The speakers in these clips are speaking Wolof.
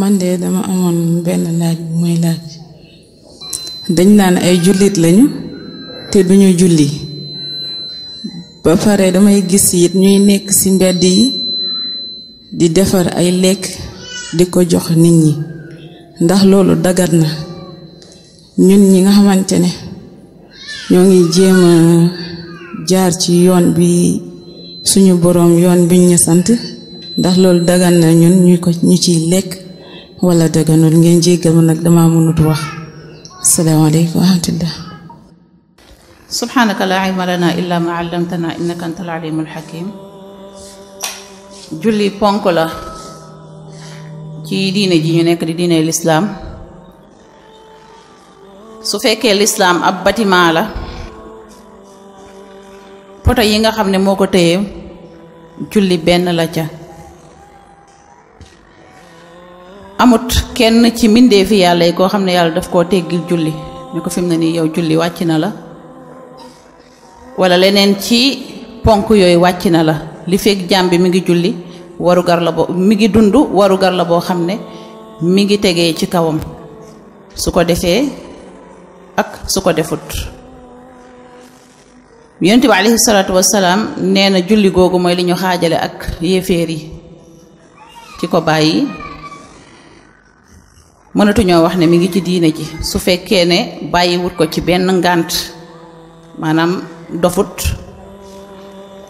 man de dama amoon benn laaj bu may laaj dañ naan ay jullit lañu te duñu julli ba pare damay gis it ñuy nekk ci mbedd yi di defar ay lekk di ko jox nit ñi ndax loolu dagat na ñun ñi nga xamante ne ñoo ngi jéem jaar ci yoon bi suñu boroom yoon biñ ñu sant ndax loolu dagan na ñun ñu ko ñu ciy lekk wala dëgganul ngeen jéggal ma nag dama mënut wax asalaamaaleykum wa rahmatullah subhanaka laa ilma lana illa ma allamtana innaka alimul hakim julli ponk la ci diine ji ñu nekk di diine lislaam su fekkee lislaam ab bâtiment la poto yi nga xam ne moo ko téye julli benn la ca amut kenn ci mbindee fi yàlla yi koo xam ne yàlla daf koo teggil julli ñu ko fim na nii yow julli wàcc na la wala leneen ci ponk yooyu wàcc na la li feeg jàmm bi mi ngi julli waru gar la boo mi ngi dund waru gar la boo xam ne mi ngi tegee ci kawam su ko defee ak su ko defut yonente bi alayhi salaatu wasalaam nee na julli googu mooy li ñu xaajale ak yéeféer yi ci ko bàyyi mënatuñoo wax ne mi ngi ci diine ji su fekkee ne bàyyiwut ko ci benn ngànt maanaam dofut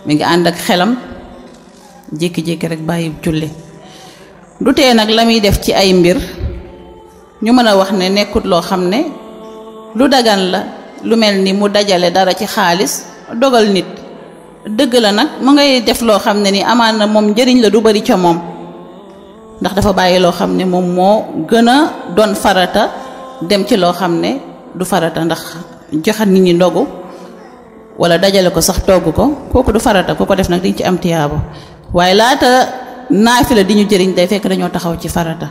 mi ngi ànd ak xelam jékki-jékki rek bàyyi julli du tee nag la muy def ci ay mbir ñu mën a wax ne nekkut loo xam ne lu dagan la lu mel ni mu dajale dara ci xaalis dogal nit dëgg la nag mu ngay def loo xam ne ni amaan na moom njëriñ la du bari ca moom ndax dafa bàyyi loo xam ne moom moo gën a doon farata dem ci loo xam ne du farata ndax joxat nit ñi ndogu wala dajale ko sax togg ko kooku du farata ku ko def nag diñ ci am tiyaabo waaye laata naafi naafila di ñu jëriñ day fekk dañoo taxaw ci farata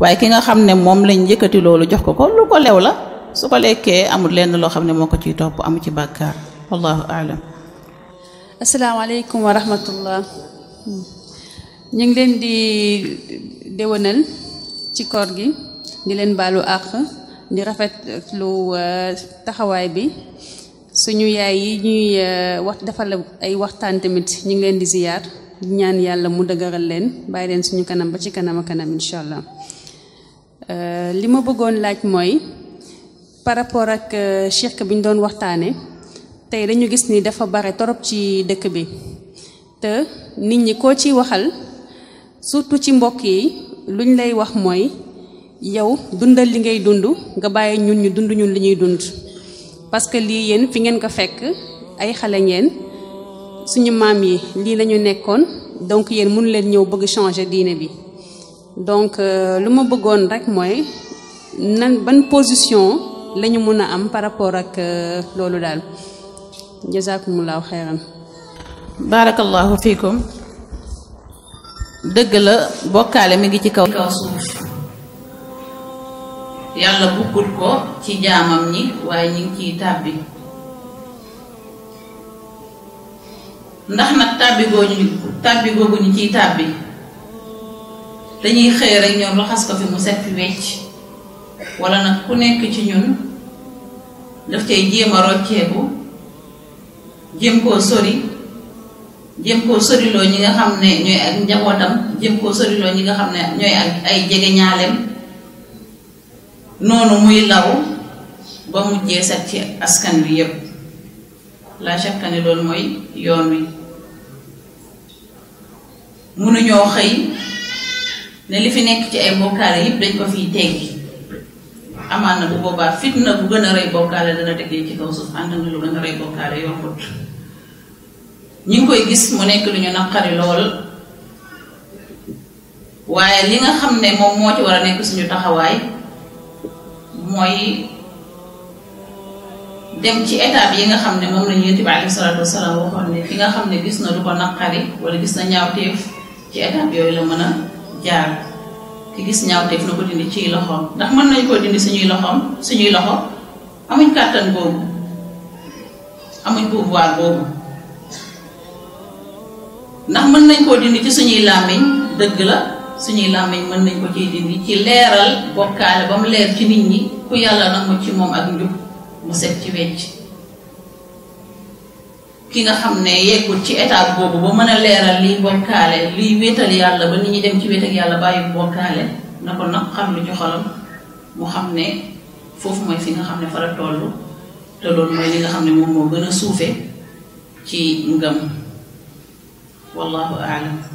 waaye ki nga xam ne moom lañ yëkkati loolu jox ko ko lu ko lew la su ko lekkee amul lenn loo xam ne moo ko ciy topp amu ci bàkkaar wallahu aalam asalaamaaleykum wa rahmatullah ñu ngi leen di déwénal ci koor gi di leen baalu àq di rafet lu euh, taxawaay bi suñu yaay yi ñuy euh, wax defal ay waxtaan tamit ñu ngi leen di ziyaar ñaan yàlla mu dëgëral leen bàyyi leen suñu kanam ba ci kanam a kanam incha allah euh, li ma bëggoon laaj mooy par rapport ak shirk bi ñu doon waxtaane tey dañu gis ni dafa bare torop ci dëkk bi te nit ñi koo ci waxal surtout ci mbokk yi lu luñ lay wax mooy yow dundal li ngay dund nga bàyyi ñun ñu dund ñun li ñuy dund parce que lii yéen fi ngeen ko fekk ay xale ngeen suñu maam yi lii lañu nekkoon donc yéen mënu leen ñëw bëgg changer diine bi donc euh, lu ma bëggoon rek mooy nan ban position lañu mun a am par rapport ak euh, loolu daal jazakumullahu xeyran barakallahu fiikum dëgg la bokkaale mi ngi ci kaw kaw suuf yàlla buggul ko ci jaamam ñi waaye ñu ngi ciy tàbbi ndax nag tàbbi googu ñu tàbbi googu ciy tàbbi dañuy xëy rek ñoom raxas ko fi mu set fi wecc wala nag ku nekk ci ñun daf cay jéem a rocceeku jéem koo sori jéem koo soriloo ñi nga xam ne ñooy ak njabootam jëm koo soriloo ñi nga xam ne ñooy ak ay jege ñaaleem noonu muy law ba mujjee set ci askan wi yépp la shakka loolu mooy yoon wi mënuñoo xëy ne li fi nekk ci ay bokkaale yépp dañ ko fi teggi amaan na bu boobaa fitna bu gën a rey bokkaale dana tegee ci kaw suuf ànd na lu gën a rey bokkaale yombut ñi ngi koy gis mu nekk lu ñu naqari lool waaye li nga xam ne moom moo ci war a nekk suñu taxawaay mooy dem ci étape yi nga xam ne moom la ñu yonent bi alayhi salaatu wasalaam waxoon ne ki nga xam ne gis na du ko naqari wala gis na ñaawteef ci étape yooyu la mën a jaar ki gis ñaawteef na ko dindi ciy loxoom ndax mën nañ koo dindi suñuy loxoom suñuy loxo amuñ kàttan boobu amuñ pouvoir boobu ndax mën nañ koo dindi ci suñuy làmmiñ dëgg la suñuy làmbiñ mën nañ ko ciy dindi ci leeral bokkaale ba mu leer ci nit ñi ku yàlla nangu ci moom ak njub mu set ci wecc ki nga xam ne yeggul ci étape boobu ba mën a leeral liy bokkaale liy wéetal yàlla ba nit ñi dem ci wéet ak yàlla bàyyi bokkaale na ko nag xam lu ci xolam mu xam ne foofu mooy fi nga xam ne fa la toll te loolu mooy li nga xam ne moom moo gën a suufee ci ngëm Wallahu a'lam.